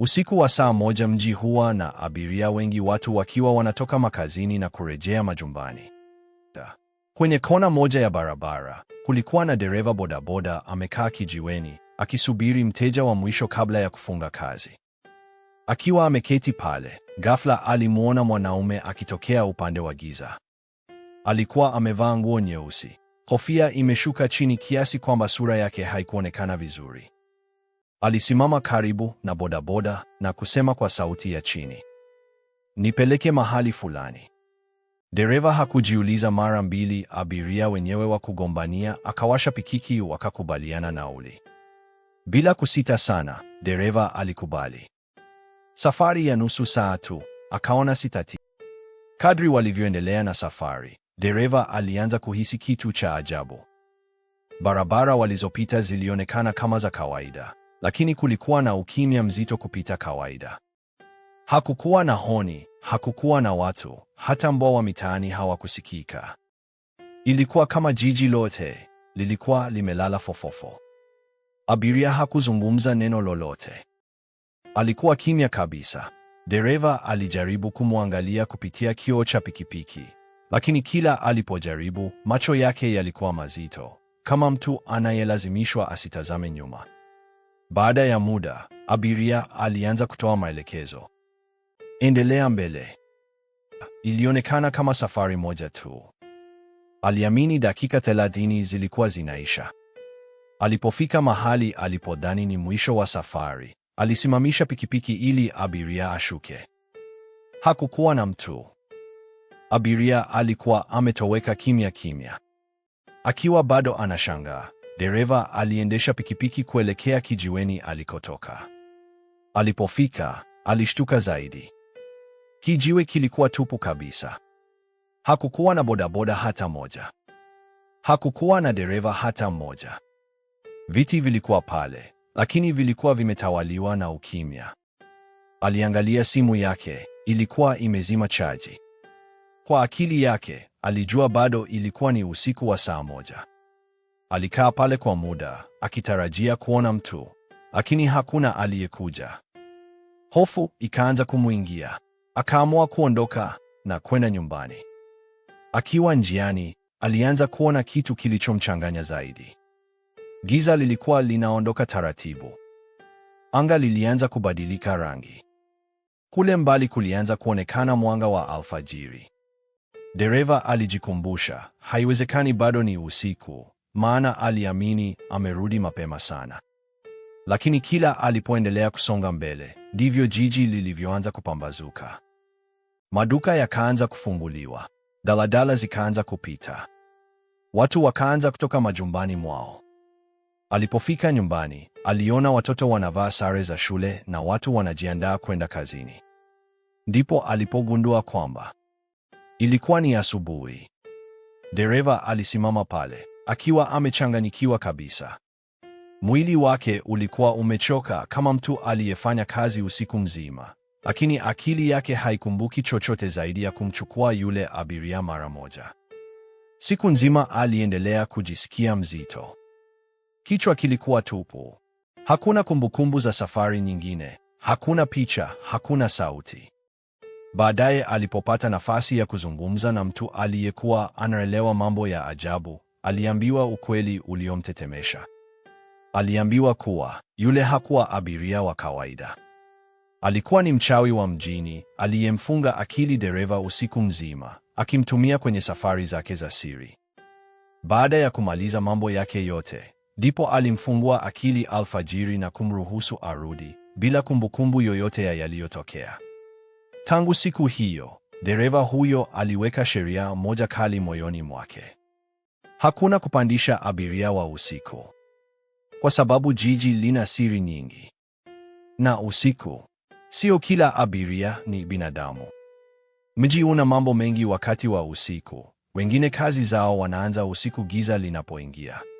Usiku wa saa moja mji huwa na abiria wengi, watu wakiwa wanatoka makazini na kurejea majumbani. Kwenye kona moja ya barabara kulikuwa na dereva bodaboda amekaa kijiweni akisubiri mteja wa mwisho kabla ya kufunga kazi. Akiwa ameketi pale, ghafla alimwona mwanaume akitokea upande wa giza. Alikuwa amevaa nguo nyeusi, kofia imeshuka chini kiasi kwamba sura yake haikuonekana vizuri. Alisimama karibu na bodaboda na kusema kwa sauti ya chini, nipeleke mahali fulani. Dereva hakujiuliza mara mbili, abiria wenyewe wa kugombania, akawasha pikiki, wakakubaliana nauli. Bila kusita sana, dereva alikubali. Safari ya nusu saa tu, akaona sitati. Kadri walivyoendelea na safari, dereva alianza kuhisi kitu cha ajabu. Barabara walizopita zilionekana kama za kawaida, lakini kulikuwa na ukimya mzito kupita kawaida. Hakukuwa na honi, hakukuwa na watu, hata mbwa wa mitaani hawakusikika. Ilikuwa kama jiji lote lilikuwa limelala fofofo. Abiria hakuzungumza neno lolote, alikuwa kimya kabisa. Dereva alijaribu kumwangalia kupitia kioo cha pikipiki, lakini kila alipojaribu, macho yake yalikuwa mazito, kama mtu anayelazimishwa asitazame nyuma. Baada ya muda, abiria alianza kutoa maelekezo, endelea mbele. Ilionekana kama safari moja tu. Aliamini dakika thelathini zilikuwa zinaisha. Alipofika mahali alipodhani ni mwisho wa safari, alisimamisha pikipiki ili abiria ashuke. Hakukuwa na mtu. Abiria alikuwa ametoweka kimya kimya, akiwa bado anashangaa. Dereva aliendesha pikipiki kuelekea kijiweni alikotoka. Alipofika, alishtuka zaidi. Kijiwe kilikuwa tupu kabisa. Hakukuwa na bodaboda hata moja. Hakukuwa na dereva hata mmoja. Viti vilikuwa pale, lakini vilikuwa vimetawaliwa na ukimya. Aliangalia simu yake, ilikuwa imezima chaji. Kwa akili yake, alijua bado ilikuwa ni usiku wa saa moja. Alikaa pale kwa muda akitarajia kuona mtu, lakini hakuna aliyekuja. Hofu ikaanza kumwingia, akaamua kuondoka na kwenda nyumbani. Akiwa njiani, alianza kuona kitu kilichomchanganya zaidi. Giza lilikuwa linaondoka taratibu, anga lilianza kubadilika rangi, kule mbali kulianza kuonekana mwanga wa alfajiri. Dereva alijikumbusha, haiwezekani, bado ni usiku, maana aliamini amerudi mapema sana. Lakini kila alipoendelea kusonga mbele, ndivyo jiji lilivyoanza kupambazuka. Maduka yakaanza kufumbuliwa, daladala zikaanza kupita, watu wakaanza kutoka majumbani mwao. Alipofika nyumbani, aliona watoto wanavaa sare za shule na watu wanajiandaa kwenda kazini. Ndipo alipogundua kwamba ilikuwa ni asubuhi. Dereva alisimama pale akiwa amechanganyikiwa kabisa. Mwili wake ulikuwa umechoka kama mtu aliyefanya kazi usiku mzima, lakini akili yake haikumbuki chochote zaidi ya kumchukua yule abiria mara moja. Siku nzima aliendelea kujisikia mzito. Kichwa kilikuwa tupu. Hakuna kumbukumbu za safari nyingine, hakuna picha, hakuna sauti. Baadaye alipopata nafasi ya kuzungumza na mtu aliyekuwa anaelewa mambo ya ajabu, aliambiwa ukweli uliomtetemesha. Aliambiwa kuwa yule hakuwa abiria wa kawaida. Alikuwa ni mchawi wa mjini aliyemfunga akili dereva usiku mzima, akimtumia kwenye safari zake za siri. Baada ya kumaliza mambo yake yote, ndipo alimfungua akili alfajiri na kumruhusu arudi bila kumbukumbu yoyote ya yaliyotokea. Tangu siku hiyo, dereva huyo aliweka sheria moja kali moyoni mwake. Hakuna kupandisha abiria wa usiku, kwa sababu jiji lina siri nyingi, na usiku sio kila abiria ni binadamu. Mji una mambo mengi wakati wa usiku. Wengine kazi zao wanaanza usiku giza linapoingia.